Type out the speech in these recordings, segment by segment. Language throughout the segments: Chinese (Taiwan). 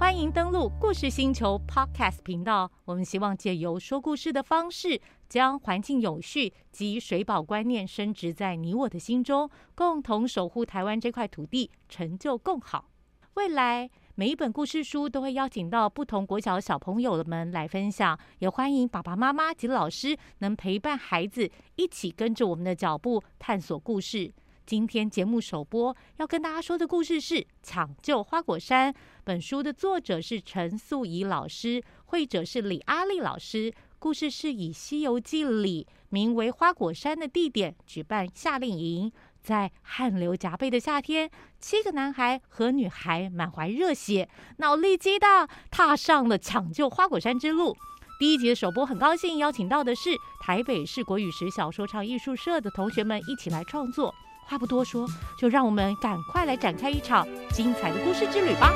歡迎登陸故事星球 Podcast 頻道。我們希望借由說故事的方式，將環境有序及水保觀念深植在你我的心中，共同守護台灣這塊土地，成就更好未來。每一本故事書都會邀請到不同國小的小朋友們來分享，也歡迎爸爸媽媽及老師能陪伴孩子一起跟着我們的腳步探索故事。今天節目首播，要跟大家說的故事是《搶救花果山》。本書的作者是陳素宜老師，繪者是李阿力老師。故事是以《西遊記》裡名為花果山的地點舉辦夏令營，在汗流浹背的夏天，七個男孩和女孩滿懷熱血、腦力激盪，踏上了搶救花果山之路。第一集的首播，很高興邀請到的是台北市國語實小說唱藝術社的同學們一起來創作。話不多說，就讓我們趕快來展開一場精彩的故事之旅吧！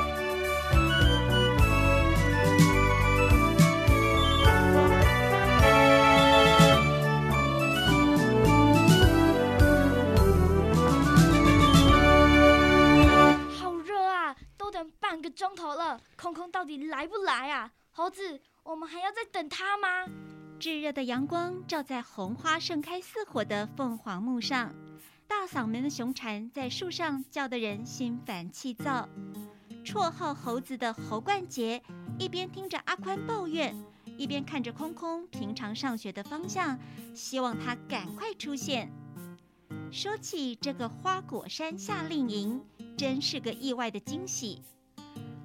好熱啊，都等半個鐘頭了，空空到底來不來啊？猴子，我們還要再等他嗎？炙熱的陽光照在紅花盛開似火的鳳凰木上。大嗓門的熊蟬在樹上叫得人心煩氣躁。綽號猴子的侯冠杰一邊聽着阿寬抱怨，一邊看着空空平常上學的方向，希望他趕快出現。說起這個花果山夏令營，真是個意外的驚喜。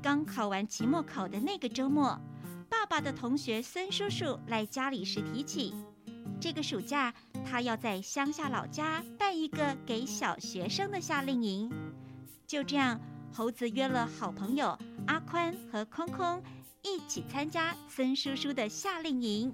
剛考完期末考的那個周末，爸爸的同學孫叔叔來家裡時提起。這個暑假，他要在鄉下老家辦一個給小學生的夏令營。就這樣，猴子約了好朋友阿寬和空空一起參加孫叔叔的夏令營。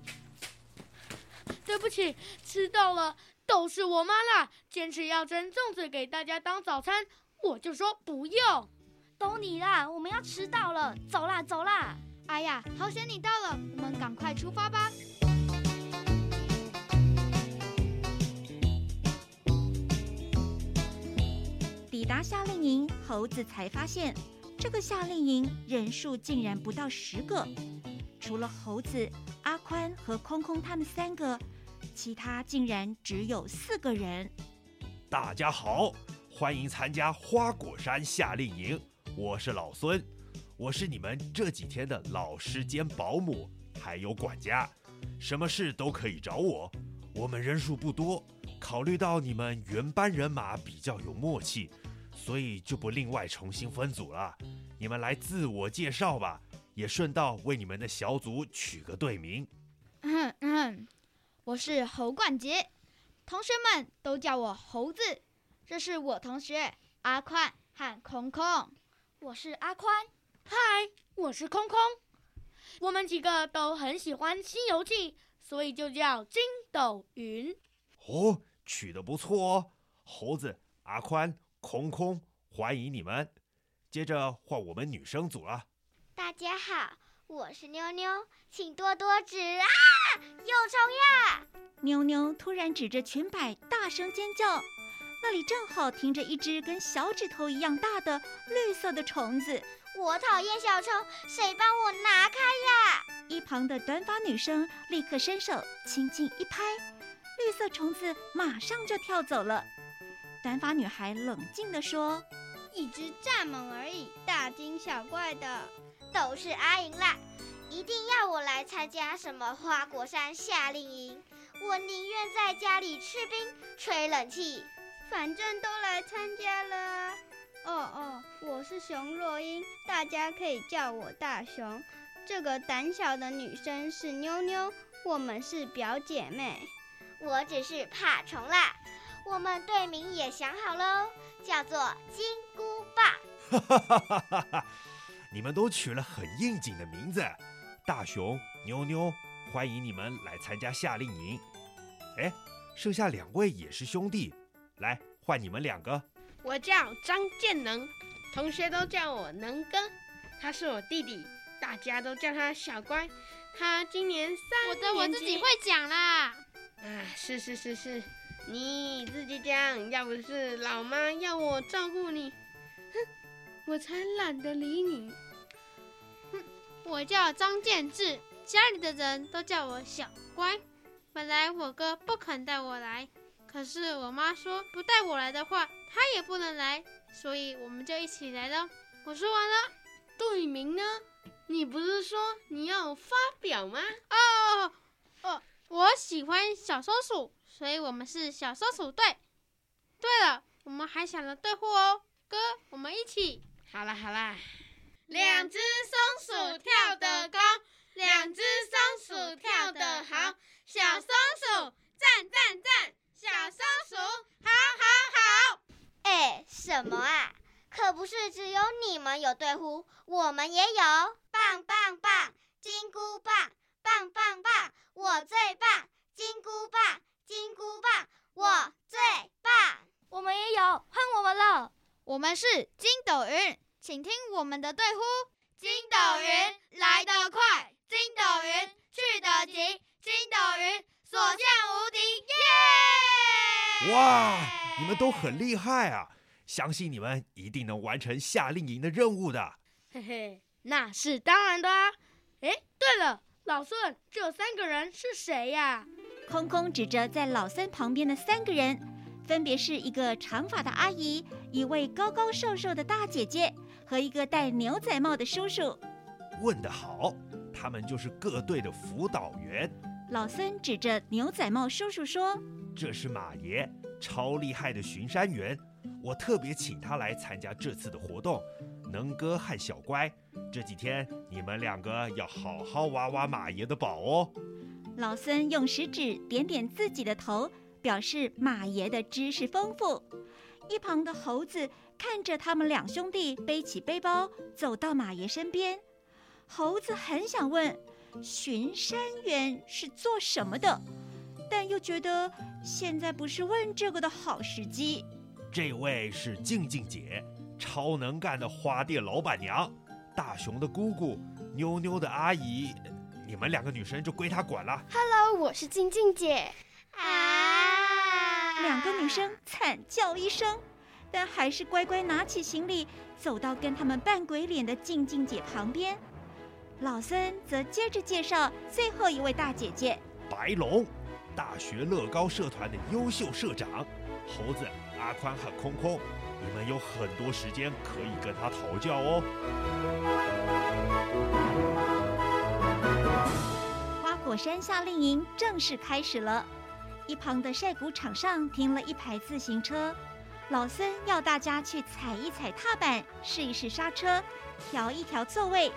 對不起，遲到了，都是我媽啦，堅持要蒸粽子給大家當早餐，我就說不用。都你啦，我們要遲到了，走啦走啦！哎呀，好險你到了，我們趕快出發吧。抵達夏令營，猴子才發現，這個夏令營人數竟然不到十個，除了猴子、阿寬和空空他們三個，其他竟然只有四個人。大家好，歡迎參加花果山夏令營，我是老孫，我是你們這幾天的老師兼保姆，還有管家，什麼事都可以找我。我們人數不多，考慮到你們原班人馬比較有默契，所以就不另外重新分組了，你們來自我介紹吧，也順道為你們的小組取個隊名。嗯嗯，我是侯冠杰，同學們都叫我猴子。這是我同學阿寬，和空空。我是阿寬，嗨，我是空空。我們幾個都很喜歡《西遊記》，所以就叫筋斗雲。哦，取得不錯哦，猴子、阿寬。空空歡迎你們，接着換我們女生組了啊。大家好，我是妞妞，請多多指啊！有蟲呀！妞妞突然指着裙擺大聲尖叫，那裡正好停着一隻跟小指頭一樣大的綠色的蟲子。我討厭小蟲，誰幫我拿開呀？一旁的短髮女生立刻伸手輕輕一拍，綠色蟲子馬上就跳走了。短髮女孩冷靜地說：“一隻蚱蜢而已，大驚小怪的，都是阿瑩啦，一定要我來參加什麼花果山夏令營？我寧願在家裡吃冰吹冷氣，反正都來參加了。”哦哦，我是熊若英，大家可以叫我大熊。這個膽小的女生是妞妞，我們是表姐妹。我只是怕蟲啦。我們隊名也想好嘍叫做金箍棒。 你們都取了很應景的名字，大熊、妞妞，歡迎你們來參加夏令營。哎，剩下兩位也是兄弟，來，換你們兩個。我叫張建能，同學都叫我能哥，他是我弟弟，大家都叫他小乖。他今年三年，我的我自己會講啦。啊，是是是是。你自己講，要不是老媽要我照顧你，哼，我才懶得理你。哼，我叫張建志，家裡的人都叫我小乖。本來我哥不肯帶我來，可是我媽說不帶我來的話，他也不能來，所以我們就一起來了。我說完了，杜宇明呢？你不是說你要發表嗎？哦哦哦，我喜歡小松鼠。所以我們是小松鼠隊。對了，我們還想着隊呼哦，哥，我們一起。好啦好啦。兩只松鼠跳得高，兩只松鼠跳得好。小松鼠讚讚讚，小松鼠好好好。哎，什麼啊？可不是只有你們有隊呼，我們也有。棒棒棒，金箍棒，棒棒棒，我最棒，金箍棒。金箍棒，我最棒！我們也有，換我們了。我們是筋斗雲，請聽我們的隊呼：筋斗雲來得快，筋斗雲去得急，筋斗雲所向無敵，耶！哇，你們都很厲害啊！相信你們一定能完成夏令營的任務的。嘿嘿，那是當然的啊。哎，對了，老孫，這三個人是誰呀、啊？空空指着在老三旁邊的三個人，分別是一個長髮的阿姨，一位高高瘦瘦的大姐姐，和一個戴牛仔帽的叔叔。問得好，他們就是各隊的輔導員。老三指着牛仔帽叔叔說：“這是馬爺，超厲害的巡山員。我特別請他來參加這次的活動。能哥和小乖，這幾天你們兩個要好好挖挖馬爺的寶哦。”老孫用食指點點自己的頭，表示馬爺的知識豐富。一旁的猴子看着他們兩兄弟背起背包走到馬爺身邊，猴子很想問：“巡山員是做什麼的？”但又覺得現在不是問這個的好時機。這位是靜靜姐，超能幹的花店老板娘，大熊的姑姑，妞妞的阿姨。你們兩個女生就歸她管了。Hello，我是靜靜姐。啊！兩個女生慘叫一聲，但還是乖乖拿起行李，走到跟他們扮鬼臉的靜靜姐旁邊。老孫則接着介紹最後一位大姐姐——白龍，大學樂高社團的優秀社長。猴子、阿寬和空空，你們有很多時間可以跟她討教哦。果山夏令營正式開始了，一旁的曬穀場上停了一排自行車。老孫要大家去踩一踩踏板，試一試剎車，調一調座位，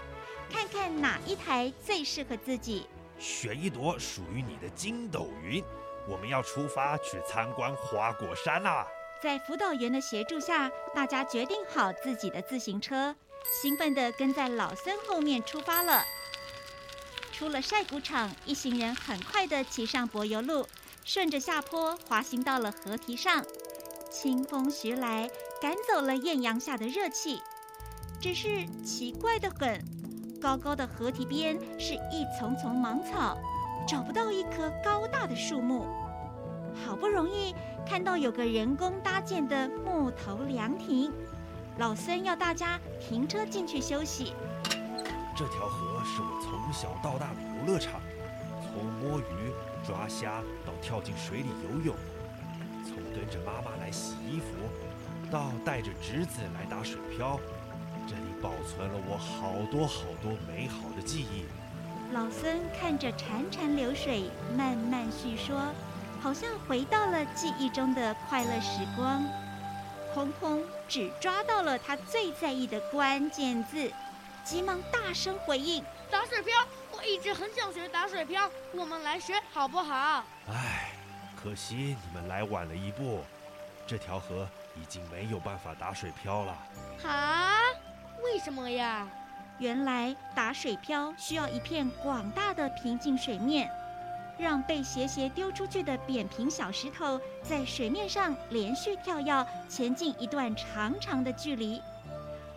看看哪一台最適合自己，選一朵屬於你的筋斗雲。我們要出發去參觀花果山啦！在輔導員的協助下，大家決定好自己的自行車，興奮地跟在老孫後面出發了。出了曬穀場，一行人很快地騎上柏油路，順着下坡滑行到了河堤上。清風徐來，趕走了豔陽下的熱氣。只是奇怪的很，高高的河堤邊是一叢叢芒草，找不到一棵高大的樹木。好不容易看到有個人工搭建的木頭涼亭，老孫要大家停車進去休息。這條河，是我從小到大的遊樂場，從摸魚抓蝦到跳進水裡游泳，從跟着媽媽來洗衣服，到帶着侄子來打水漂，這裡保存了我好多好多美好的記憶。老孫看着潺潺流水，慢慢敘說，好像回到了記憶中的快樂時光。空空只抓到了他最在意的關鍵字，急忙大聲回應。打水漂！我一直很想學打水漂，我們來學好不好？唉，可惜你們來晚了一步，這條河已經沒有辦法打水漂了。哈？為什麼呀？原來打水漂需要一片廣大的平靜水面，讓被斜斜丟出去的扁平小石頭在水面上連續跳躍，前進一段長長的距離。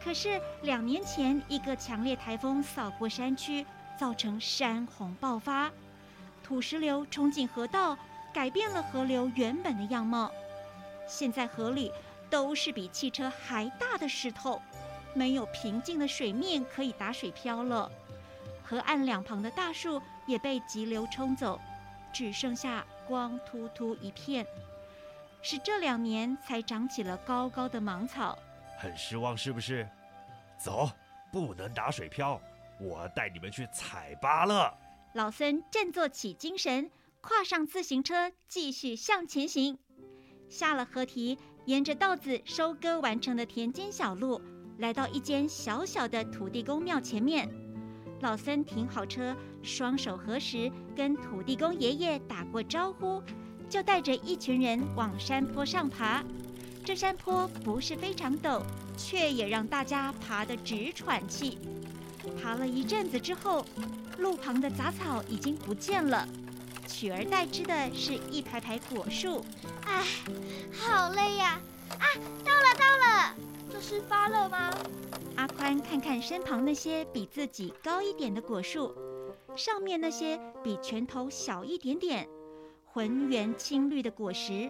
可是兩年前，一個強烈颱風掃過山區，造成山洪爆發，土石流衝進河道，改變了河流原本的樣貌。現在河裡都是比汽車還大的石頭，沒有平靜的水面可以打水漂了。河岸兩旁的大樹也被急流沖走，只剩下光禿禿一片，是這兩年才長起了高高的芒草。很失望是不是？走，不能打水漂，我帶你們去採芭樂。老孫振作起精神，跨上自行車，繼續向前行。下了河堤，沿着稻子收割完成的田間小路，來到一間小小的土地公廟前面。老孫停好車，雙手合十，跟土地公爺爺打過招呼，就帶着一群人往山坡上爬。這山坡不是非常陡，卻也讓大家爬得直喘氣。爬了一陣子之後，路旁的雜草已經不見了，取而代之的是一排排果樹。唉，好累呀！啊，到了，到了！這是發了嗎？阿寬看看身旁那些比自己高一點的果樹，上面那些比拳頭小一點點、渾圓青綠的果實，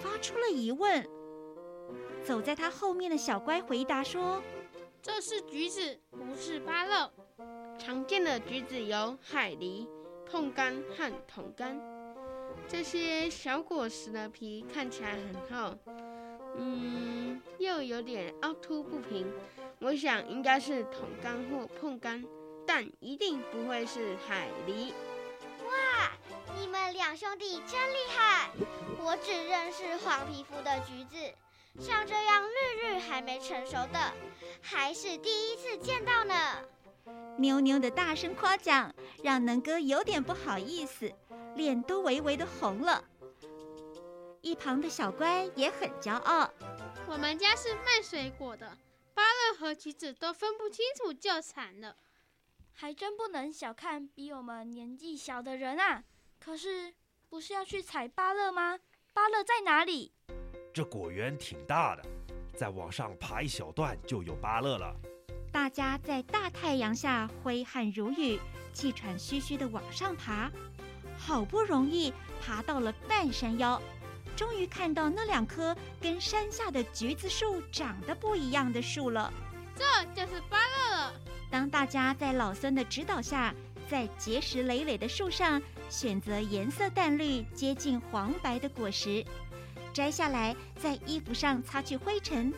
發出了疑問。走在他後面的小乖回答說：“這是橘子，不是芭樂。常見的橘子有海梨、碰柑和桶柑。這些小果實的皮看起來很厚，嗯，又有點凹凸不平。我想應該是桶柑或碰柑，但一定不會是海梨。”哇，你們兩兄弟真厲害！我只認識黃皮膚的橘子。像這樣綠綠還沒成熟的，還是第一次見到呢。妞妞的大聲誇獎，讓能哥有點不好意思，臉都微微的紅了。一旁的小乖也很驕傲。我們家是賣水果的，芭樂和橘子都分不清楚，就慘了。還真不能小看比我們年紀小的人啊。可是，不是要去採芭樂嗎？芭樂在哪裡？這果園挺大的，再往上爬一小段就有芭樂了。大家在大太陽下揮汗如雨，氣喘籲籲地往上爬，好不容易爬到了半山腰，終於看到那兩棵跟山下的橘子樹長得不一樣的樹了。這就是芭樂了。當大家在老孫的指導下，在結實累累的樹上選擇顏色淡綠、接近黃白的果實。摘下來，在衣服上擦去灰塵，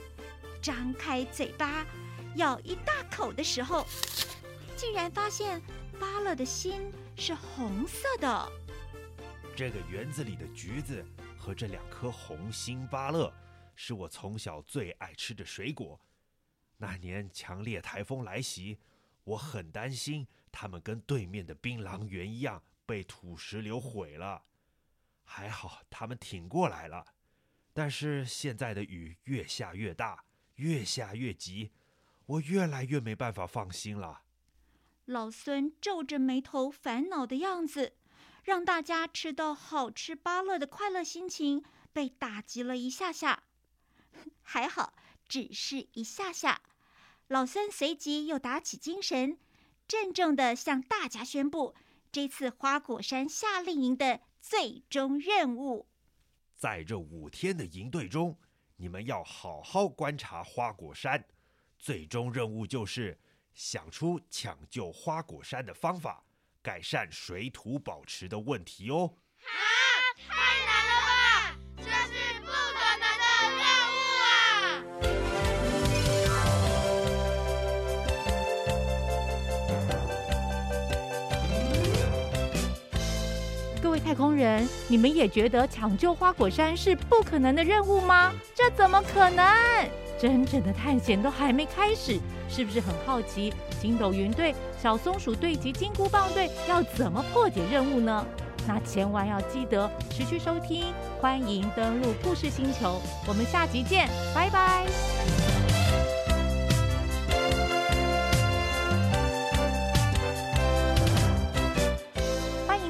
張開嘴巴，咬一大口的時候，竟然發現芭樂的心是紅色的。這個園子裡的橘子和這兩顆紅心芭樂，是我從小最愛吃的水果。那年強烈颱風來襲，我很擔心它們跟對面的檳榔園一樣被土石流毀了，還好它們挺過來了。但是現在的雨越下越大，越下越急，我越來越沒辦法放心了。老孫皺着眉頭，煩惱的樣子，讓大家吃到好吃芭樂的快樂心情被打擊了一下下，還好，只是一下下。老孫隨即又打起精神，鄭重地向大家宣布，這次花果山夏令營的最終任務。在這五天的營隊中，你們要好好觀察花果山，最終任務就是想出搶救花果山的方法，改善水土保持的問題哦。好、啊。人，你們也覺得搶救花果山是不可能的任務嗎？這怎麼可能？真正的探險都還沒開始，是不是很好奇？筋斗雲隊、小松鼠隊及金箍棒隊要怎麼破解任務呢？那千萬要記得持續收聽，歡迎登陸故事星球，我們下集見，拜拜。